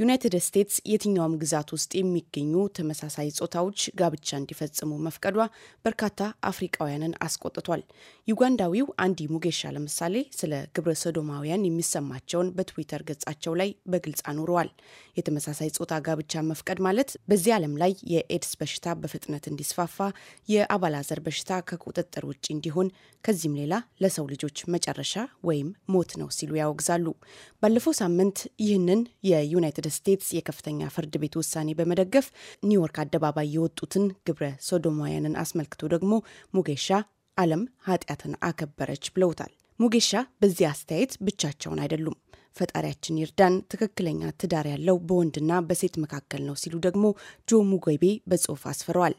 ዩናይትድ ስቴትስ የትኛውም ግዛት ውስጥ የሚገኙ ተመሳሳይ ጾታዎች ጋብቻ እንዲፈጽሙ መፍቀዷ በርካታ አፍሪቃውያንን አስቆጥቷል። ዩጋንዳዊው አንዲ ሙጌሻ ለምሳሌ ስለ ግብረ ሰዶማውያን የሚሰማቸውን በትዊተር ገጻቸው ላይ በግልጽ አኑረዋል። የተመሳሳይ ጾታ ጋብቻ መፍቀድ ማለት በዚህ ዓለም ላይ የኤድስ በሽታ በፍጥነት እንዲስፋፋ፣ የአባላዘር በሽታ ከቁጥጥር ውጭ እንዲሆን፣ ከዚህም ሌላ ለሰው ልጆች መጨረሻ ወይም ሞት ነው ሲሉ ያወግዛሉ። ባለፈው ሳምንት ይህንን የዩናይትድ ስቴትስ የከፍተኛ ፍርድ ቤት ውሳኔ በመደገፍ ኒውዮርክ አደባባይ የወጡትን ግብረ ሶዶማውያንን አስመልክቶ ደግሞ ሙጌሻ ዓለም ኃጢአትን አከበረች ብለውታል። ሙጌሻ በዚህ አስተያየት ብቻቸውን አይደሉም። ፈጣሪያችን ይርዳን፣ ትክክለኛ ትዳር ያለው በወንድና በሴት መካከል ነው ሲሉ ደግሞ ጆ ሙጎቤ በጽሑፍ አስፍረዋል።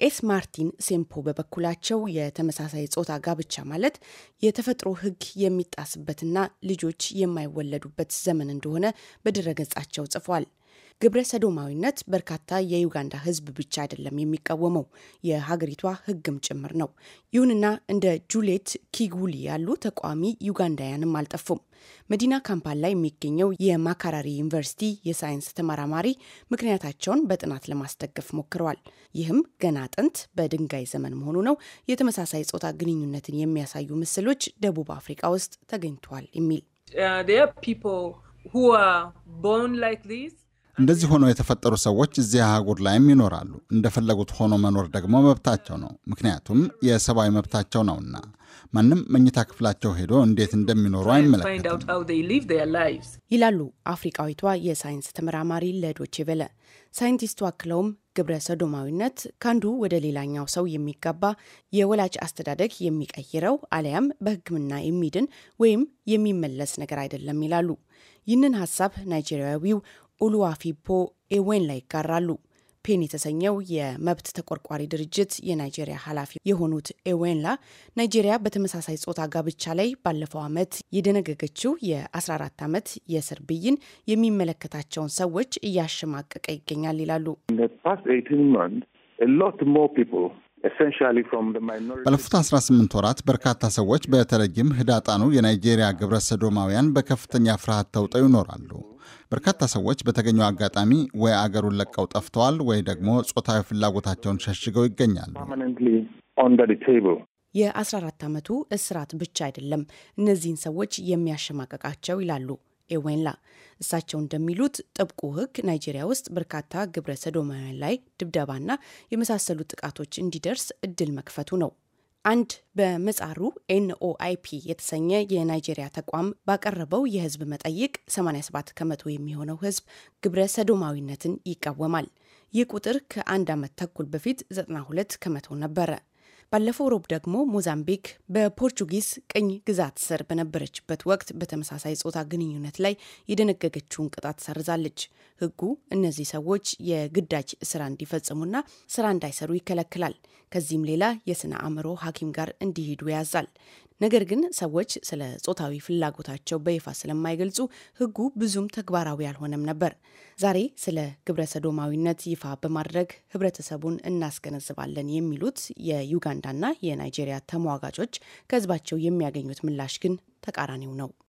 ቄስ ማርቲን ሴምፖ በበኩላቸው የተመሳሳይ ጾታ ጋብቻ ማለት የተፈጥሮ ሕግ የሚጣስበትና ልጆች የማይወለዱበት ዘመን እንደሆነ በድረገጻቸው ጽፏል። ግብረ ሰዶማዊነት በርካታ የዩጋንዳ ህዝብ ብቻ አይደለም የሚቃወመው የሀገሪቷ ህግም ጭምር ነው። ይሁንና እንደ ጁሌት ኪጉሊ ያሉ ተቃዋሚ ዩጋንዳውያንም አልጠፉም። መዲና ካምፓላ የሚገኘው የማካራሪ ዩኒቨርሲቲ የሳይንስ ተመራማሪ ምክንያታቸውን በጥናት ለማስደገፍ ሞክረዋል። ይህም ገና ጥንት በድንጋይ ዘመን መሆኑ ነው የተመሳሳይ ጾታ ግንኙነትን የሚያሳዩ ምስሎች ደቡብ አፍሪካ ውስጥ ተገኝተዋል የሚል uh, እንደዚህ ሆኖ የተፈጠሩ ሰዎች እዚህ አህጉር ላይም ይኖራሉ። እንደፈለጉት ሆኖ መኖር ደግሞ መብታቸው ነው፣ ምክንያቱም የሰብአዊ መብታቸው ነውና። ማንም መኝታ ክፍላቸው ሄዶ እንዴት እንደሚኖሩ አይመለከትም ይላሉ አፍሪቃዊቷ የሳይንስ ተመራማሪ ለዶቼ ቬለ። ሳይንቲስቱ አክለውም ግብረ ሰዶማዊነት ከአንዱ ወደ ሌላኛው ሰው የሚጋባ የወላጅ አስተዳደግ የሚቀይረው አሊያም በሕክምና የሚድን ወይም የሚመለስ ነገር አይደለም ይላሉ። ይህንን ሀሳብ ናይጄሪያዊው ኡሉዋፊፖ ኤዌንላ ላይ ይጋራሉ። ፔን የተሰኘው የመብት ተቆርቋሪ ድርጅት የናይጄሪያ ኃላፊ የሆኑት ኤዌንላ ናይጄሪያ በተመሳሳይ ጾታ ጋብቻ ላይ ባለፈው ዓመት የደነገገችው የ14 ዓመት የእስር ብይን የሚመለከታቸውን ሰዎች እያሸማቀቀ ይገኛል ይላሉ። ባለፉት 18 ወራት በርካታ ሰዎች በተለይም ህዳጣኑ የናይጄሪያ ግብረ ሰዶማውያን በከፍተኛ ፍርሃት ተውጠው ይኖራሉ። በርካታ ሰዎች በተገኘው አጋጣሚ ወይ አገሩን ለቀው ጠፍተዋል ወይ ደግሞ ጾታዊ ፍላጎታቸውን ሸሽገው ይገኛሉ። የ14 ዓመቱ እስራት ብቻ አይደለም እነዚህን ሰዎች የሚያሸማቀቃቸው ይላሉ ኤዌንላ። እሳቸው እንደሚሉት ጥብቁ ሕግ ናይጄሪያ ውስጥ በርካታ ግብረ ሰዶማውያን ላይ ድብደባና የመሳሰሉ ጥቃቶች እንዲደርስ እድል መክፈቱ ነው። አንድ በመጻሩ ኤንኦአይፒ የተሰኘ የናይጄሪያ ተቋም ባቀረበው የህዝብ መጠይቅ 87 ከመቶ የሚሆነው ህዝብ ግብረ ሰዶማዊነትን ይቃወማል። ይህ ቁጥር ከአንድ ዓመት ተኩል በፊት 92 ከመቶ ነበረ። ባለፈው ሮብ ደግሞ ሞዛምቢክ በፖርቹጊዝ ቅኝ ግዛት ስር በነበረችበት ወቅት በተመሳሳይ ጾታ ግንኙነት ላይ የደነገገችውን ቅጣት ሰርዛለች። ህጉ እነዚህ ሰዎች የግዳጅ ስራ እንዲፈጽሙና ስራ እንዳይሰሩ ይከለክላል። ከዚህም ሌላ የስነ አእምሮ ሐኪም ጋር እንዲሄዱ ያዛል። ነገር ግን ሰዎች ስለ ጾታዊ ፍላጎታቸው በይፋ ስለማይገልጹ ህጉ ብዙም ተግባራዊ አልሆነም ነበር። ዛሬ ስለ ግብረ ሰዶማዊነት ይፋ በማድረግ ህብረተሰቡን እናስገነዝባለን የሚሉት የዩጋንዳና የናይጄሪያ ተሟጋቾች ከህዝባቸው የሚያገኙት ምላሽ ግን ተቃራኒው ነው።